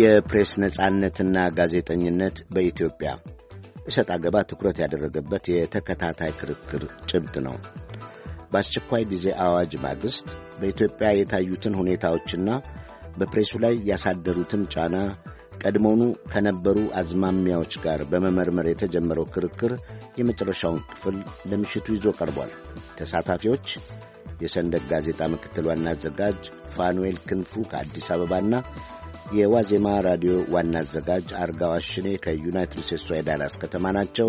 የፕሬስ ነጻነትና ጋዜጠኝነት በኢትዮጵያ እሰጥ አገባ ትኩረት ያደረገበት የተከታታይ ክርክር ጭብጥ ነው። በአስቸኳይ ጊዜ አዋጅ ማግስት በኢትዮጵያ የታዩትን ሁኔታዎችና በፕሬሱ ላይ ያሳደሩትን ጫና ቀድሞኑ ከነበሩ አዝማሚያዎች ጋር በመመርመር የተጀመረው ክርክር የመጨረሻውን ክፍል ለምሽቱ ይዞ ቀርቧል። ተሳታፊዎች የሰንደቅ ጋዜጣ ምክትል ዋና አዘጋጅ ፋኑኤል ክንፉ ከአዲስ አበባና የዋዜማ ራዲዮ ዋና አዘጋጅ አርጋው አሽኔ ከዩናይትድ ስቴትስ የዳላስ ከተማ ናቸው።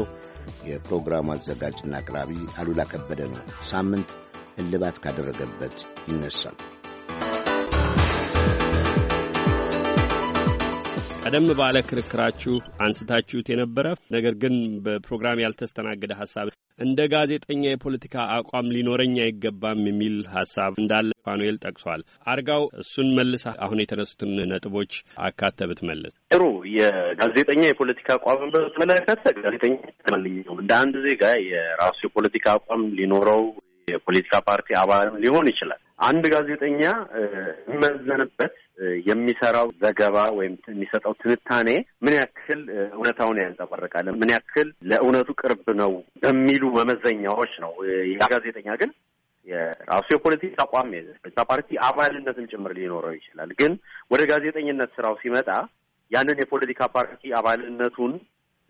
የፕሮግራሙ አዘጋጅና አቅራቢ አሉላ ከበደ ነው። ሳምንት እልባት ካደረገበት ይነሳል። ቀደም ባለ ክርክራችሁ አንስታችሁት የነበረ ነገር ግን በፕሮግራም ያልተስተናገደ ሀሳብ እንደ ጋዜጠኛ የፖለቲካ አቋም ሊኖረኝ አይገባም የሚል ሀሳብ እንዳለ ፋኑኤል ጠቅሷል። አርጋው እሱን መልስ አሁን የተነሱትን ነጥቦች አካተብት ብትመልስ ጥሩ። የጋዜጠኛ የፖለቲካ አቋም በተመለከተ ጋዜጠኛ እንደ አንድ ዜጋ የራሱ የፖለቲካ አቋም ሊኖረው የፖለቲካ ፓርቲ አባልም ሊሆን ይችላል። አንድ ጋዜጠኛ እመዘንበት የሚሰራው ዘገባ ወይም የሚሰጠው ትንታኔ ምን ያክል እውነታውን ያንጸባርቃል፣ ምን ያክል ለእውነቱ ቅርብ ነው በሚሉ መመዘኛዎች ነው። ያ ጋዜጠኛ ግን የራሱ የፖለቲካ አቋም የፖለቲካ ፓርቲ አባልነትም ጭምር ሊኖረው ይችላል። ግን ወደ ጋዜጠኝነት ስራው ሲመጣ ያንን የፖለቲካ ፓርቲ አባልነቱን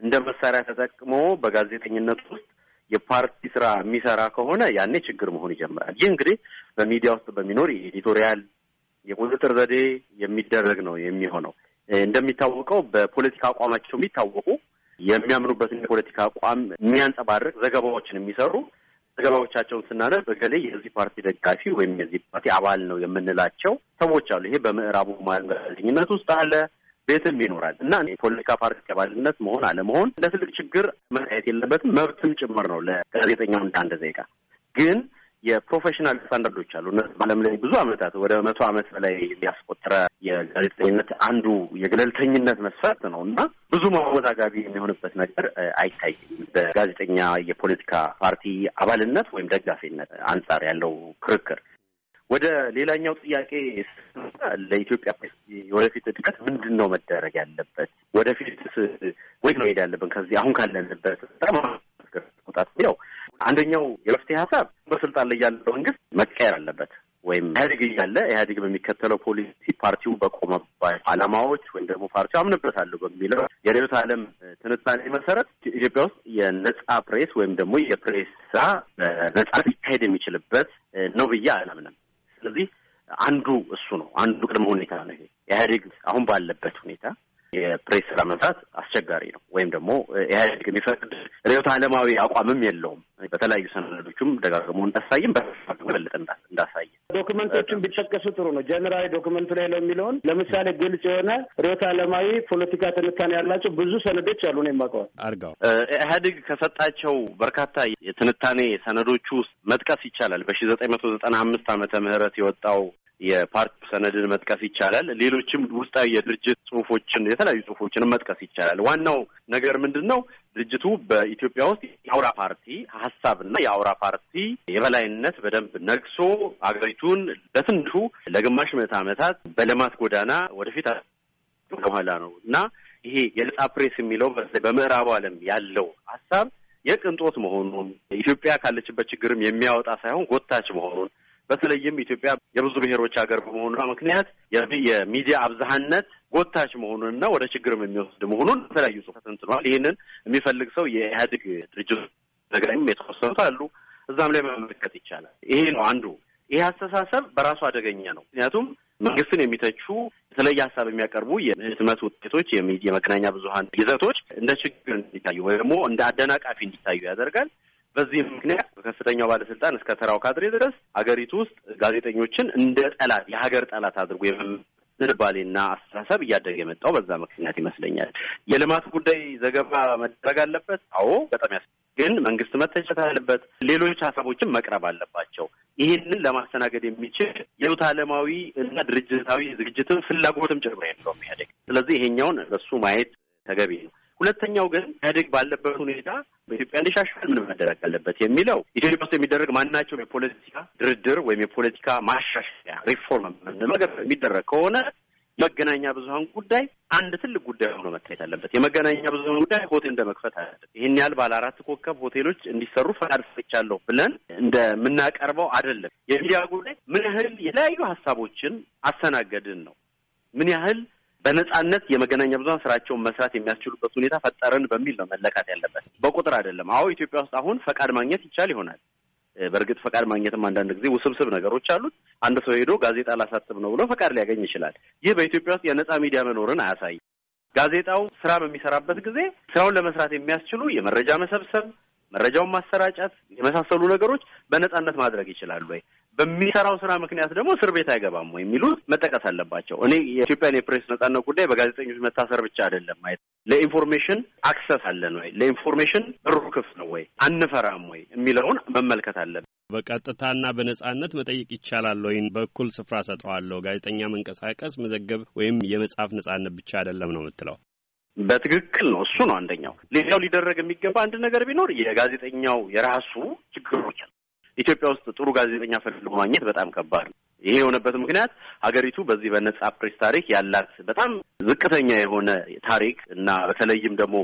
እንደ መሳሪያ ተጠቅሞ በጋዜጠኝነት ውስጥ የፓርቲ ስራ የሚሰራ ከሆነ ያኔ ችግር መሆን ይጀምራል። ይህ እንግዲህ በሚዲያ ውስጥ በሚኖር የኤዲቶሪያል የቁጥጥር ዘዴ የሚደረግ ነው የሚሆነው። እንደሚታወቀው በፖለቲካ አቋማቸው የሚታወቁ የሚያምኑበትን የፖለቲካ አቋም የሚያንጸባርቅ ዘገባዎችን የሚሰሩ ዘገባዎቻቸውን ስናነብ በተለይ የዚህ ፓርቲ ደጋፊ ወይም የዚህ ፓርቲ አባል ነው የምንላቸው ሰዎች አሉ። ይሄ በምዕራቡ ማለትኝነት ውስጥ አለ፣ ቤትም ይኖራል እና የፖለቲካ ፓርቲ ከባልነት መሆን አለመሆን እንደ ትልቅ ችግር መታየት የለበትም፣ መብትም ጭምር ነው ለጋዜጠኛው እንደ አንድ ዜጋ። ግን የፕሮፌሽናል ስታንዳርዶች አሉ። በዓለም ላይ ብዙ ዓመታት ወደ መቶ ዓመት በላይ ያስቆጠረ የጋዜጠኝነት አንዱ የገለልተኝነት መስፈርት ነው እና ብዙ ማወዛጋቢ የሚሆንበት ነገር አይታይም። በጋዜጠኛ የፖለቲካ ፓርቲ አባልነት ወይም ደጋፊነት አንጻር ያለው ክርክር ወደ ሌላኛው ጥያቄ ለኢትዮጵያ የወደፊት እድገት ምንድን ነው መደረግ ያለበት? ወደፊት ወይ ነው ሄድ ያለብን ከዚህ አሁን ካለንበት በጣም መውጣት ነው። አንደኛው የመፍትሄ ሀሳብ በስልጣን ላይ ያለው መንግስት መቀየር አለበት ወይም ኢህአዴግ እያለ ኢህአዴግ በሚከተለው ፖሊሲ ፓርቲው በቆመባቸው አላማዎች ወይም ደግሞ ፓርቲው አምንበታለሁ በሚለው የርዕዮተ ዓለም ትንታኔ መሰረት ኢትዮጵያ ውስጥ የነጻ ፕሬስ ወይም ደግሞ የፕሬስ ስራ በነጻ ሊካሄድ የሚችልበት ነው ብዬ አላምንም። ስለዚህ አንዱ እሱ ነው። አንዱ ቅድመ ሁኔታ ነው። ይሄ ኢህአዴግ አሁን ባለበት ሁኔታ የፕሬስ ስራ መምራት አስቸጋሪ ነው። ወይም ደግሞ ኢህአዴግ የሚፈቅድ ርዕዮተ ዓለማዊ አቋምም የለውም። በተለያዩ ሰነዶቹም ደጋግሞ እንዳሳይም በበለጠ እንዳሳይ ዶክመንቶቹን ቢጠቀሱ ጥሩ ነው። ጀነራል ዶክመንቱ ላይ ነው የሚለውን ለምሳሌ ግልጽ የሆነ ርዕዮተ ዓለማዊ ፖለቲካ ትንታኔ ያላቸው ብዙ ሰነዶች አሉ ነው የማውቀው። አርጋው ኢህአዴግ ከሰጣቸው በርካታ የትንታኔ ሰነዶቹ ውስጥ መጥቀስ ይቻላል። በሺ ዘጠኝ መቶ ዘጠና አምስት አመተ ምህረት የወጣው የፓርቲ ሰነድን መጥቀስ ይቻላል። ሌሎችም ውስጣዊ የድርጅት ጽሁፎችን፣ የተለያዩ ጽሁፎችንም መጥቀስ ይቻላል። ዋናው ነገር ምንድን ነው? ድርጅቱ በኢትዮጵያ ውስጥ የአውራ ፓርቲ ሀሳብና የአውራ ፓርቲ የበላይነት በደንብ ነግሶ አገሪቱን በትንሹ ለግማሽ ምዕተ ዓመታት በልማት ጎዳና ወደፊት በኋላ ነው እና ይሄ የነጻ ፕሬስ የሚለው በምዕራቡ ዓለም ያለው ሀሳብ የቅንጦት መሆኑን ኢትዮጵያ ካለችበት ችግርም የሚያወጣ ሳይሆን ጎታች መሆኑን በተለይም ኢትዮጵያ የብዙ ብሔሮች ሀገር በመሆኗ ምክንያት የሚዲያ አብዛሃነት ጎታች መሆኑንና ወደ ችግርም የሚወስድ መሆኑን በተለያዩ ጽሁፍ ተንትኗል። ይህንን የሚፈልግ ሰው የኢህአዴግ ድርጅት ዘጋኝም የተወሰኑት አሉ። እዛም ላይ መመልከት ይቻላል። ይሄ ነው አንዱ። ይሄ አስተሳሰብ በራሱ አደገኛ ነው። ምክንያቱም መንግስትን የሚተቹ የተለየ ሀሳብ የሚያቀርቡ የህትመት ውጤቶች፣ የመገናኛ ብዙሀን ይዘቶች እንደ ችግር እንዲታዩ ወይ ደግሞ እንደ አደናቃፊ እንዲታዩ ያደርጋል። በዚህም ምክንያት በከፍተኛው ባለስልጣን እስከ ተራው ካድሬ ድረስ አገሪቱ ውስጥ ጋዜጠኞችን እንደ ጠላት የሀገር ጠላት አድርጎ የመ ዝንባሌና አስተሳሰብ እያደገ የመጣው በዛ ምክንያት ይመስለኛል። የልማት ጉዳይ ዘገባ መደረግ አለበት። አዎ በጣም ያስ ግን መንግስት መተቸት አለበት። ሌሎች ሀሳቦችም መቅረብ አለባቸው። ይህንን ለማስተናገድ የሚችል የውት አለማዊ እና ድርጅታዊ ዝግጅትም ፍላጎትም ጭምር የለውም ኢህአዴግ። ስለዚህ ይሄኛውን በሱ ማየት ተገቢ ነው። ሁለተኛው ግን ኢህአዴግ ባለበት ሁኔታ በኢትዮጵያ እንዲሻሻል ምን መደረግ አለበት የሚለው ኢትዮጵያ ውስጥ የሚደረግ ማናቸውም የፖለቲካ ድርድር ወይም የፖለቲካ ማሻሻያ ሪፎርም ነገር የሚደረግ ከሆነ መገናኛ ብዙሀን ጉዳይ አንድ ትልቅ ጉዳይ ሆኖ መታየት አለበት። የመገናኛ ብዙሀን ጉዳይ ሆቴል እንደ መክፈት አለበት። ይህን ያህል ባለ አራት ኮከብ ሆቴሎች እንዲሰሩ ፈቃድ ሰጥቻለሁ ብለን እንደምናቀርበው አይደለም። የሚዲያ ጉዳይ ምን ያህል የተለያዩ ሀሳቦችን አስተናገድን ነው። ምን ያህል በነጻነት የመገናኛ ብዙሀን ስራቸውን መስራት የሚያስችሉበት ሁኔታ ፈጠረን በሚል ነው መለካት ያለበት፣ በቁጥር አይደለም። አዎ ኢትዮጵያ ውስጥ አሁን ፈቃድ ማግኘት ይቻል ይሆናል። በእርግጥ ፈቃድ ማግኘትም አንዳንድ ጊዜ ውስብስብ ነገሮች አሉት። አንድ ሰው ሄዶ ጋዜጣ ላሳትም ነው ብሎ ፈቃድ ሊያገኝ ይችላል። ይህ በኢትዮጵያ ውስጥ የነጻ ሚዲያ መኖርን አያሳይም። ጋዜጣው ስራ በሚሰራበት ጊዜ ስራውን ለመስራት የሚያስችሉ የመረጃ መሰብሰብ፣ መረጃውን ማሰራጨት የመሳሰሉ ነገሮች በነጻነት ማድረግ ይችላሉ ወይ? በሚሰራው ስራ ምክንያት ደግሞ እስር ቤት አይገባም ወይ የሚሉት መጠቀስ አለባቸው። እኔ የኢትዮጵያን የፕሬስ ነጻነት ጉዳይ በጋዜጠኞች መታሰር ብቻ አይደለም ማየት። ለኢንፎርሜሽን አክሰስ አለን ወይ፣ ለኢንፎርሜሽን በሩ ክፍት ነው ወይ፣ አንፈራም ወይ የሚለውን መመልከት አለብን። በቀጥታና በነጻነት መጠየቅ ይቻላል ወይም በኩል ስፍራ ሰጠዋለሁ። ጋዜጠኛ መንቀሳቀስ፣ መዘገብ ወይም የመጽሐፍ ነጻነት ብቻ አይደለም ነው የምትለው። በትክክል ነው። እሱ ነው አንደኛው። ሌላው ሊደረግ የሚገባ አንድ ነገር ቢኖር የጋዜጠኛው የራሱ ችግሮች ኢትዮጵያ ውስጥ ጥሩ ጋዜጠኛ ፈልጎ ማግኘት በጣም ከባድ ነው። ይሄ የሆነበት ምክንያት ሀገሪቱ በዚህ በነጻ ፕሬስ ታሪክ ያላት በጣም ዝቅተኛ የሆነ ታሪክ እና በተለይም ደግሞ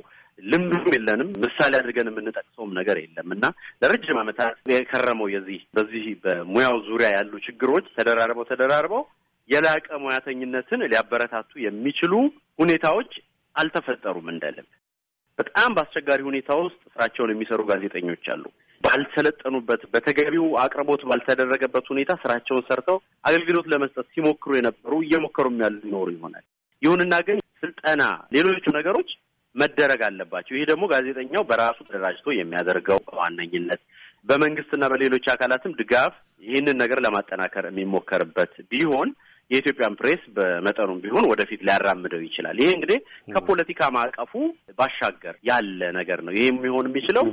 ልምዱም የለንም። ምሳሌ አድርገን የምንጠቅሰውም ነገር የለም እና ለረጅም ዓመታት የከረመው የዚህ በዚህ በሙያው ዙሪያ ያሉ ችግሮች ተደራርበው ተደራርበው የላቀ ሙያተኝነትን ሊያበረታቱ የሚችሉ ሁኔታዎች አልተፈጠሩም እንደልብ። በጣም በአስቸጋሪ ሁኔታ ውስጥ ስራቸውን የሚሰሩ ጋዜጠኞች አሉ። ባልሰለጠኑበት በተገቢው አቅርቦት ባልተደረገበት ሁኔታ ስራቸውን ሰርተው አገልግሎት ለመስጠት ሲሞክሩ የነበሩ እየሞከሩም ያሉ ይኖሩ ይሆናል። ይሁንና ግን ስልጠና፣ ሌሎቹ ነገሮች መደረግ አለባቸው። ይህ ደግሞ ጋዜጠኛው በራሱ ተደራጅቶ የሚያደርገው በዋነኝነት በመንግስትና በሌሎች አካላትም ድጋፍ ይህንን ነገር ለማጠናከር የሚሞከርበት ቢሆን የኢትዮጵያን ፕሬስ በመጠኑም ቢሆን ወደፊት ሊያራምደው ይችላል። ይሄ እንግዲህ ከፖለቲካ ማዕቀፉ ባሻገር ያለ ነገር ነው። ይህ የሚሆን የሚችለው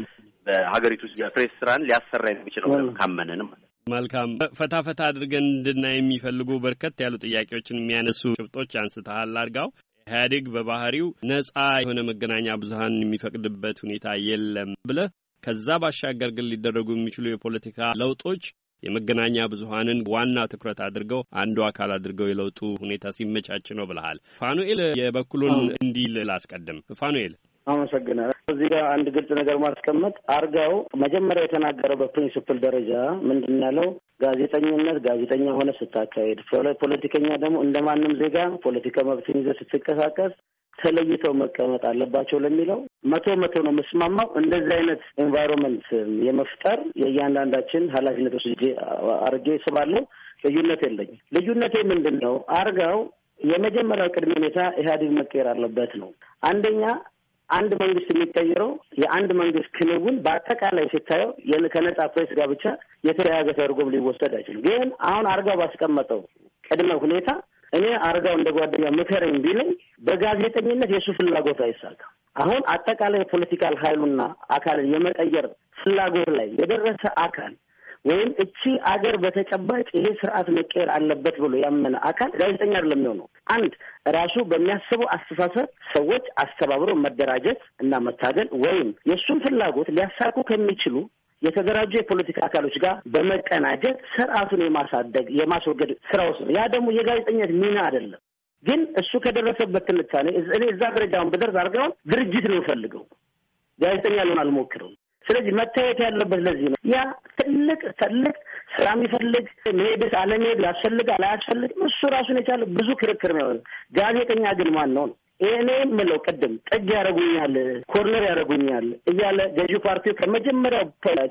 በሀገሪቱ ውስጥ የፕሬስ ስራን ሊያሰራ የሚችለው ካመንንም ማለት መልካም ፈታ ፈታ አድርገን እንድናይ የሚፈልጉ በርከት ያሉ ጥያቄዎችን የሚያነሱ ጭብጦች አንስተሃል አድርጋው ኢህአዴግ በባህሪው ነጻ የሆነ መገናኛ ብዙሀን የሚፈቅድበት ሁኔታ የለም ብለህ ከዛ ባሻገር ግን ሊደረጉ የሚችሉ የፖለቲካ ለውጦች የመገናኛ ብዙሀንን ዋና ትኩረት አድርገው አንዱ አካል አድርገው የለውጡ ሁኔታ ሲመቻች ነው ብለሃል። ፋኑኤል የበኩሉን እንዲህ ላስቀድም። ፋኑኤል አመሰግናለሁ። እዚህ ጋር አንድ ግልጽ ነገር ማስቀመጥ አርጋው መጀመሪያ የተናገረው በፕሪንስፕል ደረጃ ምንድን ያለው ጋዜጠኝነት ጋዜጠኛ ሆነ ስታካሄድ፣ ፖለቲከኛ ደግሞ እንደ ማንም ዜጋ ፖለቲካ መብትን ይዘ ስትንቀሳቀስ ተለይተው መቀመጥ አለባቸው ለሚለው መቶ መቶ ነው የምስማማው። እንደዚህ አይነት ኤንቫይሮንመንት የመፍጠር የእያንዳንዳችን ኃላፊነት ወስጄ አርጌ ስባለው ልዩነት የለኝ። ልዩነቴ ምንድን ነው? አርጋው የመጀመሪያው ቅድመ ሁኔታ ኢህአዴግ መቀየር አለበት ነው። አንደኛ አንድ መንግስት የሚቀይረው የአንድ መንግስት ክንውን በአጠቃላይ ስታየው ከነጻ ፕሬስ ጋር ብቻ የተያያዘ ተደርጎም ሊወሰድ አይችልም። ግን አሁን አርጋው ባስቀመጠው ቅድመ ሁኔታ እኔ አርጋው እንደ ጓደኛ ምከረኝ ቢለኝ በጋዜጠኝነት የእሱ ፍላጎት አይሳካ። አሁን አጠቃላይ የፖለቲካል ኃይሉና አካልን የመቀየር ፍላጎት ላይ የደረሰ አካል ወይም እቺ አገር በተጨባጭ ይሄ ስርዓት መቀየር አለበት ብሎ ያመነ አካል ጋዜጠኛ አይደለም የሚሆነው። አንድ ራሱ በሚያስበው አስተሳሰብ ሰዎች አስተባብረው መደራጀት እና መታገል ወይም የእሱን ፍላጎት ሊያሳኩ ከሚችሉ የተደራጁ የፖለቲካ አካሎች ጋር በመቀናጀት ስርዓቱን የማሳደግ የማስወገድ ስራ ውስጥ ነው። ያ ደግሞ የጋዜጠኛት ሚና አይደለም። ግን እሱ ከደረሰበት ትንታኔ እኔ እዛ ደረጃውን ብደርስ አድርገውን ድርጅት ነው ፈልገው ጋዜጠኛ ሊሆን አልሞክርም። ስለዚህ መታየት ያለበት ለዚህ ነው። ያ ትልቅ ትልቅ ስራ የሚፈልግ መሄድስ አለመሄድ ያስፈልጋል አያስፈልግም፣ እሱ ራሱን የቻለ ብዙ ክርክር ነው ጋዜጠኛ ግን ማን ነው ነው እኔ የምለው ቅድም ጥግ ያደረጉኛል፣ ኮርነር ያደረጉኛል እያለ ገዢ ፓርቲው ከመጀመሪያው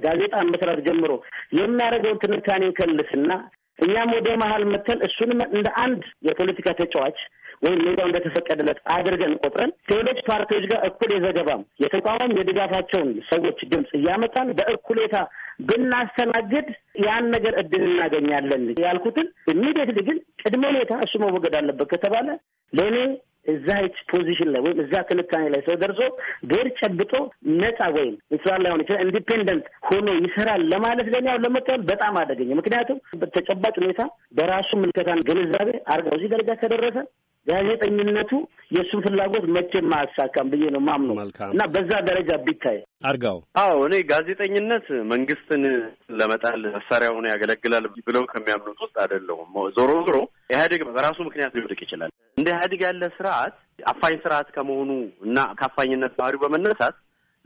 ጋዜጣ መስራት ጀምሮ የሚያደርገውን ትንታኔ ይከልስና እኛም ወደ መሀል መተን እሱንም እንደ አንድ የፖለቲካ ተጫዋች ወይም ሜዳው እንደተፈቀደለት አድርገን ቆጥረን ከሌሎች ፓርቲዎች ጋር እኩል የዘገባም የተቋሙም የድጋፋቸውን ሰዎች ድምፅ እያመጣን በእኩሌታ ብናስተናግድ ያን ነገር እድል እናገኛለን ያልኩትን ኢሚዲየትሊ ግን ቅድመ ሁኔታ እሱ መወገድ አለበት ከተባለ ለእኔ እዛ እዛች ፖዚሽን ላይ ወይም እዛ ትንታኔ ላይ ሰው ደርሶ ግር ጨብጦ ነፃ ወይም እንስራ ላይሆን ይችላል ኢንዲፔንደንት ሆኖ ይሰራል ለማለት ለእኔ አሁን ለመቀበል በጣም አደገኝ። ምክንያቱም ተጨባጭ ሁኔታ በራሱ ምልከታን ግንዛቤ አርጋ እዚህ ደረጃ ከደረሰ ጋዜጠኝነቱ የእሱን ፍላጎት መቼም አያሳካም ብዬ ነው ማምኖ እና በዛ ደረጃ ቢታይ አርጋው። አዎ እኔ ጋዜጠኝነት መንግስትን ለመጣል መሳሪያ ሆነ ያገለግላል ብለው ከሚያምኑት ውስጥ አይደለሁም። ዞሮ ዞሮ ኢህአዴግ በራሱ ምክንያት ሊወድቅ ይችላል። እንደ ኢህአዴግ ያለ ስርዓት አፋኝ ስርዓት ከመሆኑ እና ከአፋኝነት ባህሪው በመነሳት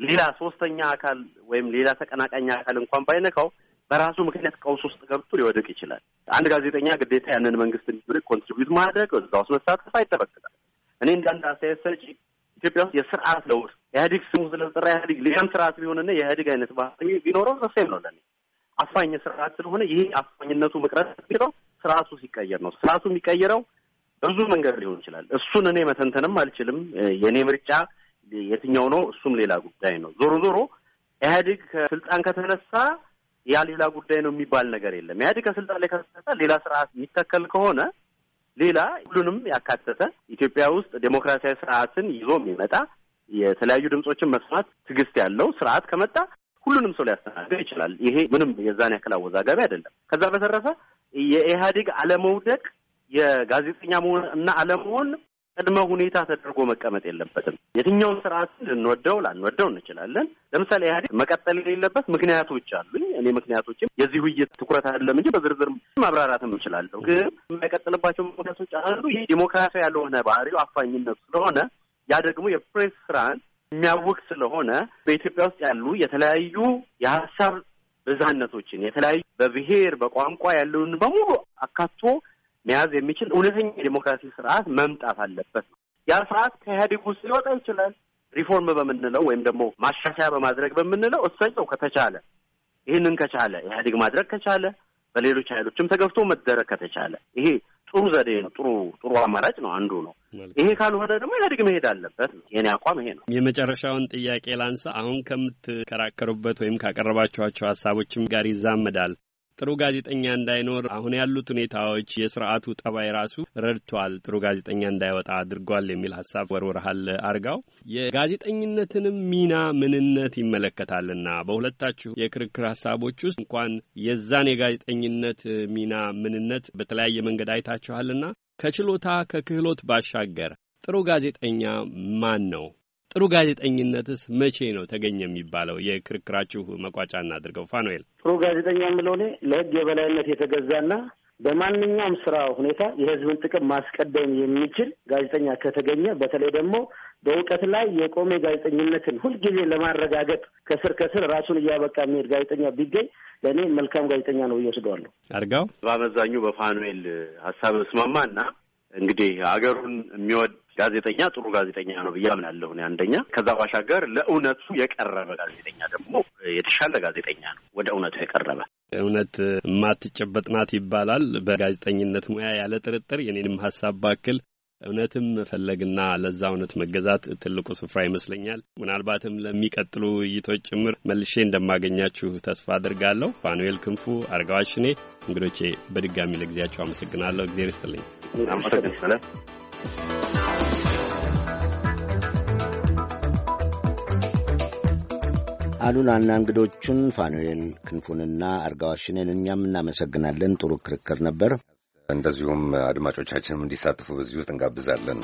ሌላ ሶስተኛ አካል ወይም ሌላ ተቀናቃኝ አካል እንኳን ባይነካው በራሱ ምክንያት ቀውስ ውስጥ ገብቶ ሊወድቅ ይችላል። አንድ ጋዜጠኛ ግዴታ ያንን መንግስት እንዲወድቅ ኮንትሪቢዩት ማድረግ እዛ ውስጥ መሳተፍ አይጠበቅታል። እኔ እንዳንድ አስተያየት ሰጪ ኢትዮጵያ ውስጥ የስርዓት ለውጥ ኢህአዲግ ስሙ ስለተጠራ ኢህአዲግ ሌላም ስርዓት ቢሆንና የኢህአዲግ አይነት ባህሪ ቢኖረው ዘሴም ነው ለኔ አፋኝ ስርዓት ስለሆነ ይህ አፋኝነቱ መቅረት ቢለው ስርዓቱ ሲቀየር ነው። ስርዓቱ የሚቀየረው ብዙ መንገድ ሊሆን ይችላል። እሱን እኔ መተንተንም አልችልም። የእኔ ምርጫ የትኛው ነው እሱም ሌላ ጉዳይ ነው። ዞሮ ዞሮ ኢህአዲግ ከስልጣን ከተነሳ ያ ሌላ ጉዳይ ነው የሚባል ነገር የለም። ኢህአዴግ ከስልጣን ላይ ከተሰጠ ሌላ ስርዓት የሚተከል ከሆነ ሌላ ሁሉንም ያካተተ ኢትዮጵያ ውስጥ ዴሞክራሲያዊ ስርዓትን ይዞ የሚመጣ የተለያዩ ድምጾችን መስማት ትዕግስት ያለው ስርዓት ከመጣ ሁሉንም ሰው ሊያስተናግድ ይችላል። ይሄ ምንም የዛን ያክል አወዛጋቢ አይደለም። ከዛ በተረፈ የኢህአዴግ አለመውደቅ የጋዜጠኛ መሆን እና አለመሆን ቅድመ ሁኔታ ተደርጎ መቀመጥ የለበትም። የትኛውን ስርዓት ልንወደው ላንወደው እንችላለን። ለምሳሌ ኢህአዴግ መቀጠል የሌለበት ምክንያቶች አሉኝ። እኔ ምክንያቶችም የዚህ ውይይት ትኩረት አይደለም እንጂ በዝርዝር ማብራራትም እንችላለሁ። ግን የማይቀጥልባቸው ምክንያቶች አንዱ ይህ ዲሞክራሲ ያልሆነ ባህሪው አፋኝነት ስለሆነ ያ ደግሞ የፕሬስ ስራን የሚያውቅ ስለሆነ በኢትዮጵያ ውስጥ ያሉ የተለያዩ የሀሳብ ብዝሃነቶችን የተለያዩ በብሔር በቋንቋ ያለውን በሙሉ አካቶ መያዝ የሚችል እውነተኛ የዲሞክራሲ ስርዓት መምጣት አለበት ነው። ያ ስርዓት ከኢህአዴግ ውስጥ ሊወጣ ይችላል። ሪፎርም በምንለው ወይም ደግሞ ማሻሻያ በማድረግ በምንለው እሰየው ከተቻለ ይህንን ከቻለ ኢህአዴግ ማድረግ ከቻለ በሌሎች ኃይሎችም ተገብቶ መደረግ ከተቻለ ይሄ ጥሩ ዘዴ ነው። ጥሩ ጥሩ አማራጭ ነው። አንዱ ነው። ይሄ ካልሆነ ደግሞ ኢህአዴግ መሄድ አለበት ነው የኔ አቋም ይሄ ነው። የመጨረሻውን ጥያቄ ላንሳ። አሁን ከምትከራከሩበት ወይም ካቀረባችኋቸው ሀሳቦችም ጋር ይዛመዳል። ጥሩ ጋዜጠኛ እንዳይኖር አሁን ያሉት ሁኔታዎች የስርዓቱ ጠባይ ራሱ ረድቷል፣ ጥሩ ጋዜጠኛ እንዳይወጣ አድርጓል የሚል ሀሳብ ወርወርሃል አርጋው። የጋዜጠኝነትንም ሚና ምንነት ይመለከታልና በሁለታችሁ የክርክር ሀሳቦች ውስጥ እንኳን የዛን የጋዜጠኝነት ሚና ምንነት በተለያየ መንገድ አይታችኋልና ከችሎታ ከክህሎት ባሻገር ጥሩ ጋዜጠኛ ማን ነው? ጥሩ ጋዜጠኝነትስ መቼ ነው ተገኘ የሚባለው? የክርክራችሁ መቋጫ እናድርገው። ፋኑኤል፣ ጥሩ ጋዜጠኛ የምለው እኔ ለህግ የበላይነት የተገዛና በማንኛውም ስራ ሁኔታ የህዝብን ጥቅም ማስቀደም የሚችል ጋዜጠኛ ከተገኘ በተለይ ደግሞ በእውቀት ላይ የቆመ ጋዜጠኝነትን ሁልጊዜ ለማረጋገጥ ከስር ከስር ራሱን እያበቃ የሚሄድ ጋዜጠኛ ቢገኝ ለእኔ መልካም ጋዜጠኛ ነው ብዬ ወስደዋለሁ። በአመዛኙ በፋኑኤል ሀሳብ እስማማ እና እንግዲህ ሀገሩን የሚወድ ጋዜጠኛ ጥሩ ጋዜጠኛ ነው ብዬ አምናለሁ። አንደኛ ከዛ ባሻገር ለእውነቱ የቀረበ ጋዜጠኛ ደግሞ የተሻለ ጋዜጠኛ ነው። ወደ እውነቱ የቀረበ እውነት የማትጨበጥ ናት ይባላል በጋዜጠኝነት ሙያ ያለ ጥርጥር የኔንም ሀሳብ ባክል እውነትም መፈለግና ለዛ እውነት መገዛት ትልቁ ስፍራ ይመስለኛል። ምናልባትም ለሚቀጥሉ ውይይቶች ጭምር መልሼ እንደማገኛችሁ ተስፋ አድርጋለሁ። ፋኑኤል ክንፉ፣ አርጋዋሽኔ እንግዶቼ በድጋሚ ለጊዜያቸው አመሰግናለሁ። እግዜር ይስጥልኝ። አሉላና እንግዶቹን ፋኑኤል ክንፉንና አርጋዋሽኔን እኛም እናመሰግናለን። ጥሩ ክርክር ነበር። እንደዚሁም አድማጮቻችንም እንዲሳተፉ በዚህ ውስጥ እንጋብዛለን።